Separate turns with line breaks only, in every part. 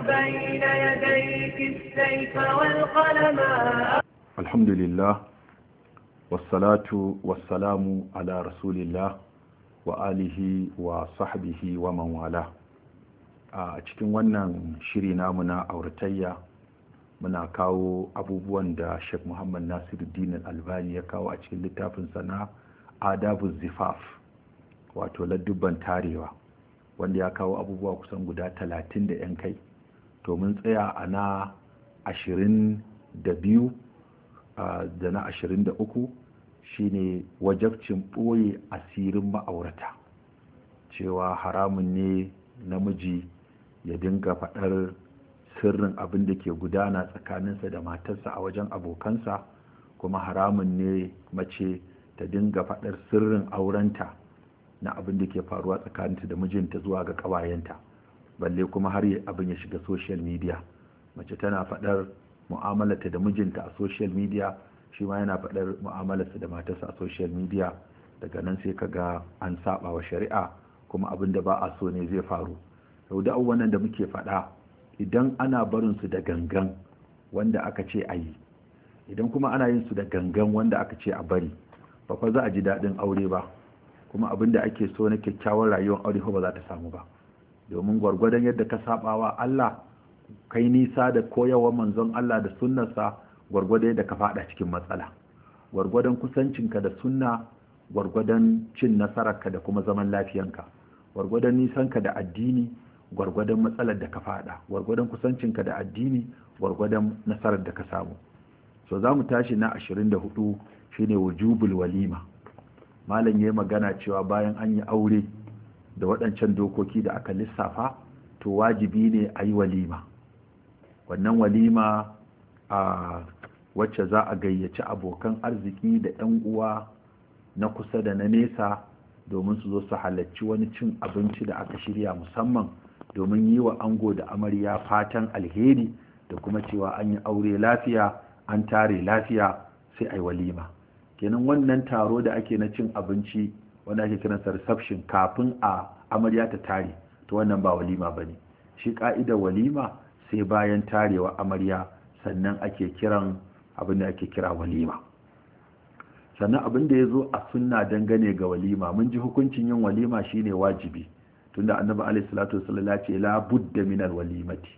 بين يديك السيف والقلم الحمد لله والصلاة والسلام على رسول الله وآله وصحبه ومن والاه a cikin wannan shiri namu na auratayya muna kawo abubuwan da sheikh muhammad nasiruddin albani ya kawo a cikin littafinsa na adabu zifaf wato ladubban tarewa wanda ya kawo abubuwa kusan guda talatin da 'yan kai to tsaya a na 22 da na ashirin da 23 shine wajabcin ɓoye asirin ma'aurata cewa haramun ne namiji ya dinga faɗar sirrin abin da ke gudana tsakaninsa da matarsa a wajen abokansa kuma haramun ne mace ta dinga faɗar sirrin aurenta na abin da ke faruwa tsakaninta da mijinta zuwa ga ƙawayenta balle kuma har abin ya shiga social media mace tana faɗar mu'amalarta da mijinta a social media shi ma yana faɗar mu'amalarsa da matarsa a social media daga nan sai ka ga an saba wa shari'a kuma abin da ba a so ne zai faru sau da abubuwan da muke faɗa idan ana barin su da gangan wanda aka ce a yi idan kuma ana yin su da gangan wanda aka ce a bari ba za a ji daɗin aure ba kuma abin da ake so na kyakkyawar rayuwar aure ba za ta samu ba domin gwargwadon yadda ka sabawa Allah kai nisa da koyawa manzon Allah da sunnarsa gwargwadon yadda ka fada cikin matsala gwargwadon kusancinka da sunna gwargwadon cin nasararka da kuma zaman lafiyanka gwargwadon nisanka da addini gwargwadon matsalar da ka faɗa, gwargwadon kusancinka da addini gwargwadon nasarar da ka samu so za mu tashi na 24 shine wujubul walima malam yi magana cewa bayan an yi aure da waɗancan dokoki da aka lissafa to wajibi ne a yi walima wannan walima a wacce za a gayyaci abokan arziki da 'yan uwa na kusa da na nesa domin su zo su halarci wani cin abinci da aka shirya musamman domin yi wa ango da amarya fatan alheri da kuma cewa an yi aure lafiya an tare lafiya sai a yi walima kenan wannan taro da ake na cin abinci wanda ake kiransa reception kafin a amarya ta tare to wannan ba walima ba ne shi ka'idar walima sai bayan tarewa amarya sannan ake kiran abin da ake kira walima sannan abin da ya zo a sunna dangane ga walima mun ji hukuncin yin walima shine wajibi tunda annabi alaihi salatu wasallam ya ce la budda min walimati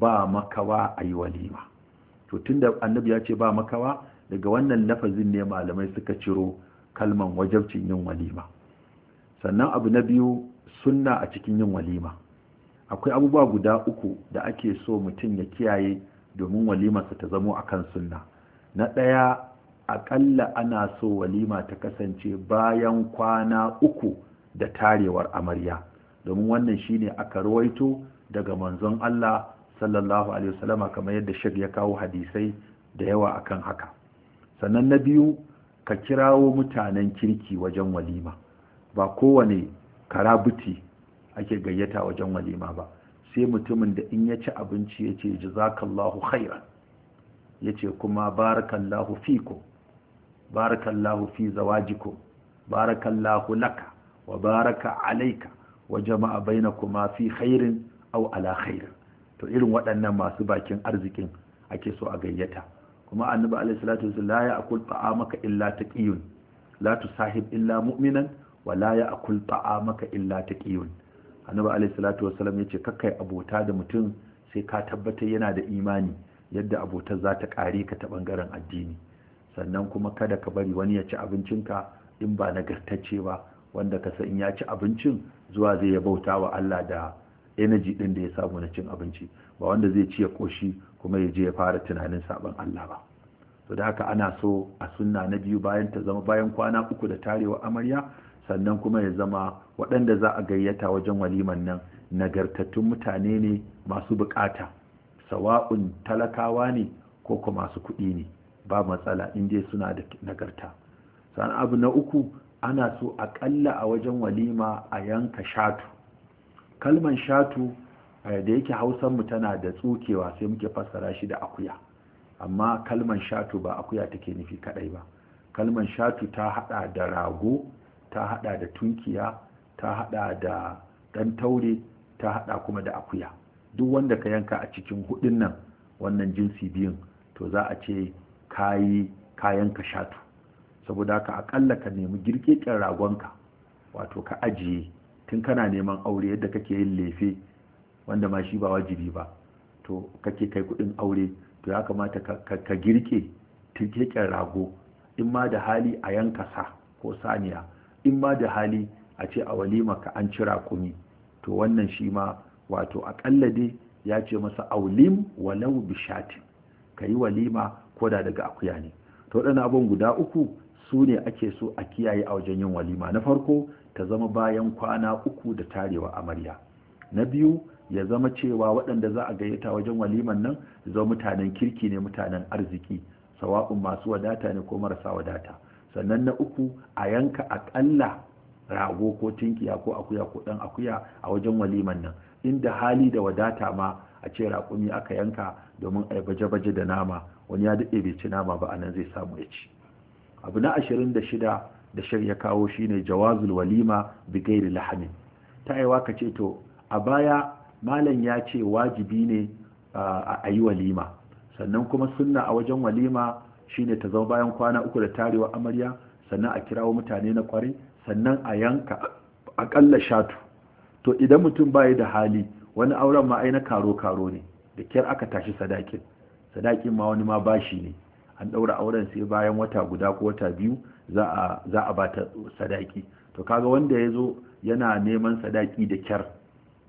ba makawa ayi walima to tunda annabi ya ce ba makawa daga wannan lafazin ne malamai suka ciro kalman wajabcin yin walima sannan abu na biyu sunna a cikin yin walima akwai abubuwa guda uku da ake so mutum ya kiyaye domin walimarsa ta zamo a kan sunna na ɗaya aƙalla ana so walima ta kasance bayan kwana uku da tarewar amarya domin wannan shine aka rawaito daga manzon Allah sallallahu alaihi wasallama kamar yadda shek ya kawo hadisai da yawa akan haka sannan na biyu ka kirawo mutanen kirki wajen walima ba kowane karabuti ake gayyata wajen walima ba sai mutumin da in ya ci abinci ya ce jazakallahu khairan ya ce kuma barakallahu fikum barakallahu fi zawajikum barakallahu laka wa baraka alaika wa jama'a kuma fi khairin au ala khairin to irin waɗannan masu bakin arzikin ake so a gayyata kuma annabi alaihi salatu wasallam la ya'kul ta'amaka illa taqiyun la sahib illa mu'minan wala ya akul maka illa taqiyun annabi alayhi salatu wassalam yace kakkai abota da mutum sai ka tabbatar yana da imani yadda abotar za ta kare ka ta bangaren addini sannan kuma kada ka bari wani ya ci abincinka in ba nagartacce ba wanda ka san in ya ci abincin zuwa zai ya bauta wa Allah da energy din da ya samu na cin abinci ba wanda zai ci ya koshi kuma ya je ya fara tunanin sabon Allah ba to da haka ana so a sunna na biyu bayan ta zama bayan kwana uku da tarewa amarya sannan kuma ya zama waɗanda za a gayyata wajen waliman nan nagartattun mutane ne masu bukata sawa'un talakawa ne ko kuma masu kuɗi ne ba matsala inda suna da nagarta sannan abu na uku ana so aƙalla a wajen walima a yanka shatu kalman shatu eh, da yake mu tana da tsukewa sai muke fassara shi da akuya amma kalman shatu ba akuya take nufi kadai ba kalman shatu ta hada da rago ta hada da tunkiya ta hada da dan taure ta hada kuma da akuya duk wanda ka yanka a cikin hudun nan wannan jinsi biyun to za a ce kayi kayan ka shatu saboda ka akalla ka nemi girkekin ragonka wato ka ajiye tun kana neman aure yadda kake yin lefe wanda ma shi ba wajibi ba to kake kai kudin aure to ya kamata ka girke tun rago in ma da hali a yanka sa ko saniya in ma da hali a ce a walima ka an cira kumi to wannan shi ma wato aƙalla dai ya ce masa aulim walau bishatin ka yi walima ko da daga akuya ne to waɗannan abin guda uku su ne ake so a kiyaye a wajen yin walima na farko ta zama bayan kwana uku da tarewa amarya na biyu ya zama cewa waɗanda za a gayyata wajen waliman nan zama mutanen kirki ne mutanen arziki sawa'un masu wadata ne ko marasa wadata sannan na uku a yanka aƙalla rago ko tinkiya ko akuya ko ɗan akuya a wajen waliman nan inda hali da wadata ma a ce raƙumi aka yanka domin a baje-baje da nama wani ya daɗe bai ci nama ba a nan zai samu ya ci abu na ashirin da shida da shirya kawo shine jawazul walima bi gairi lahamin ta aiwa ka ce to a baya malam ya ce wajibi ne a yi walima sannan kuma sunna a wajen walima shine ta zama bayan kwana uku da tarewa amarya sannan a kirawo mutane na kwarai sannan a yanka akalla shatu to idan mutum bai da hali wani auren ma na karo karo ne da kyar aka tashi sadakin sadakin ma wani ma bashi ne an daura auren sai bayan wata guda ko wata biyu za a za a bata sadaki to kaga wanda ya zo yana neman sadaki da kyar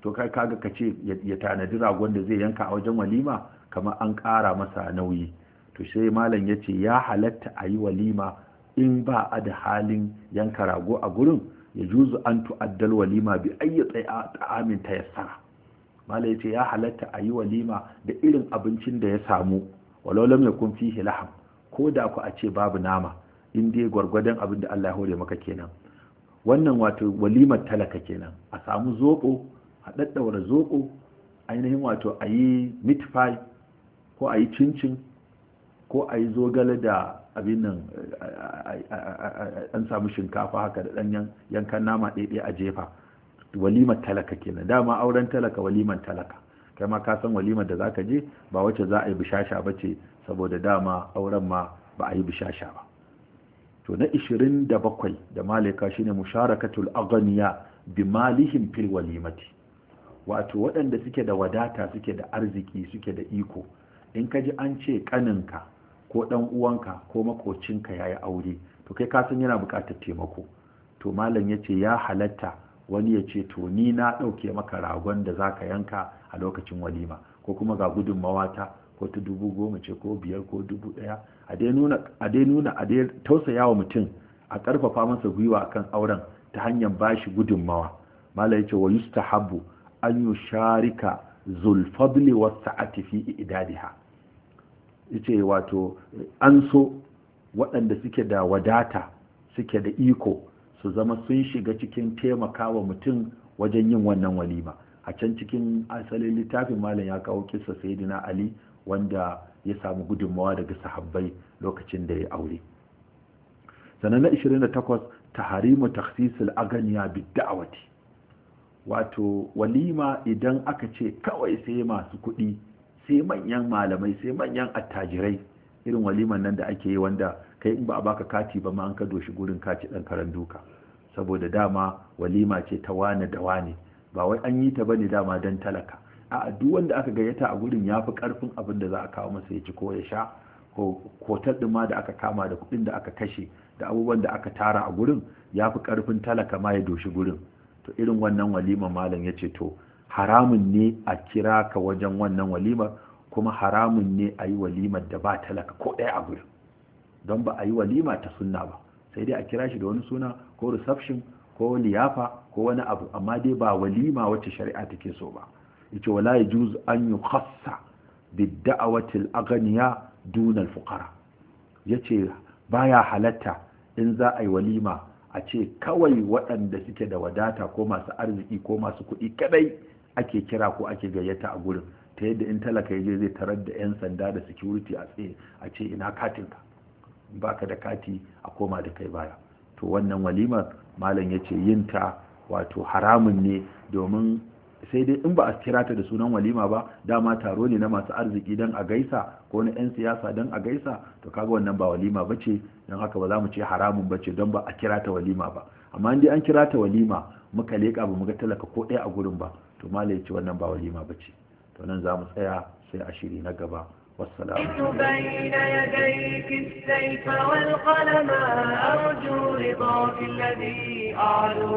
to kai kaga ka ce ya tanadi ragon da zai yanka a wajen walima kamar an ƙara masa nauyi to sai malam ya ce ya halatta a yi walima in ba a da halin yanka rago a gurin ya juzu an tu'addal walima bi ayyatsai a ta yassara malam ya ce ya halatta a yi walima da irin abincin da ya samu walolam ya kun fi laham ko da ku a ce babu nama in dai gwargwadon abin da Allah ya hore maka kenan wannan wato walimar talaka kenan a samu zoɓo a daddaura zoɓo ainihin wato a yi mitfai ko a yi cincin ko a yi zogale da abin nan an samu shinkafa haka da ɗanyen yankan nama ɗaiɗai a jefa walimar talaka kenan dama auren talaka walimar talaka kai ma ka san walimar da zaka je ba wacce za a yi bishasha ba ce saboda dama auren ma ba a yi bishasha ba to na 27 da malika shine musharakatul aghniya bi malihim fil walimati wato waɗanda suke da wadata suke da arziki suke da iko in ka ji an ce kaninka ko ɗan uwanka ko makocinka ya yi aure to kai kasan yana buƙatar taimako to malam ya ce ya halatta wani ya ce to ni na ɗauke maka ragon da za ka yanka a lokacin walima ko kuma ga gudunmawa ta ko ta dubu goma ce ko biyar ko dubu ɗaya a dai nuna a dai tausaya wa mutum a ƙarfafa masa gwiwa akan auren ta hanyar bashi gudunmawa malam ya ce wa yustahabu an yusharika zulfadli wasu sa'ati fi idadiha yace wato an so waɗanda suke da wadata suke da iko su zama sun shiga cikin taimakawa mutum wajen yin wannan walima a can cikin asalin littafin malam ya kawo kisa sayidina ali wanda ya samu gudunmawa daga sahabbai lokacin da ya aure sannan na 28 taharimu takhsisul aganiya bidda'awati wato walima idan aka ce kawai sai masu kuɗi sai manyan malamai sai manyan attajirai irin waliman nan da ake yi wanda kai in ba a baka kati ba ma an ka doshi gurin kaci dan karan duka saboda dama walima ce ta wane da wane ba wai an yi ta bane dama dan talaka a duk wanda aka gayyata a gurin ya fi karfin abin da za a kawo masa ya ci ko ya sha ko kotar ɗin ma da aka kama da kuɗin da aka kashe da abubuwan da aka tara a gurin ya fi karfin talaka ma ya doshi gurin to irin wannan waliman malam ya ce to haramun ne a kira ka wajen wannan walimar kuma haramun ne a yi walimar da ba talaka ko ɗaya a gudun don ba a yi walima ta sunna ba sai dai a kira shi da wani suna ko reception ko liyafa ko wani abu amma dai ba walima wacce shari'a take so ba yace wala juz an yukhassa bid-da'wati aganiya aghniya fukara ya ce yace baya halatta in za a yi walima a ce kawai waɗanda suke da wadata ko masu arziki ko masu kuɗi kadai ake kira ko ake gayyata a gurin ta yadda in talaka je zai tarar da 'yan sanda da security a tsaye a ce ina katin ka baka da kati a koma da kai baya to wannan walimar malam ya ce yin ta wato haramun ne domin sai dai in ba a kira ta da sunan walima ba dama taro ne na masu arziki don a gaisa ko na 'yan siyasa don a gaisa to kaga wannan ba walima ba ce don haka ba za mu ce haramun ba ce don ba a kira ta walima ba amma in dai an kira ta walima muka leka ba mu ga talaka ko ɗaya a gurin ba to mala yace wannan ba walima bace to nan zamu tsaya sai a shiri na gaba wassalamu bayna yadayki sayfa wal qalama arju ridha fil ladhi a'lu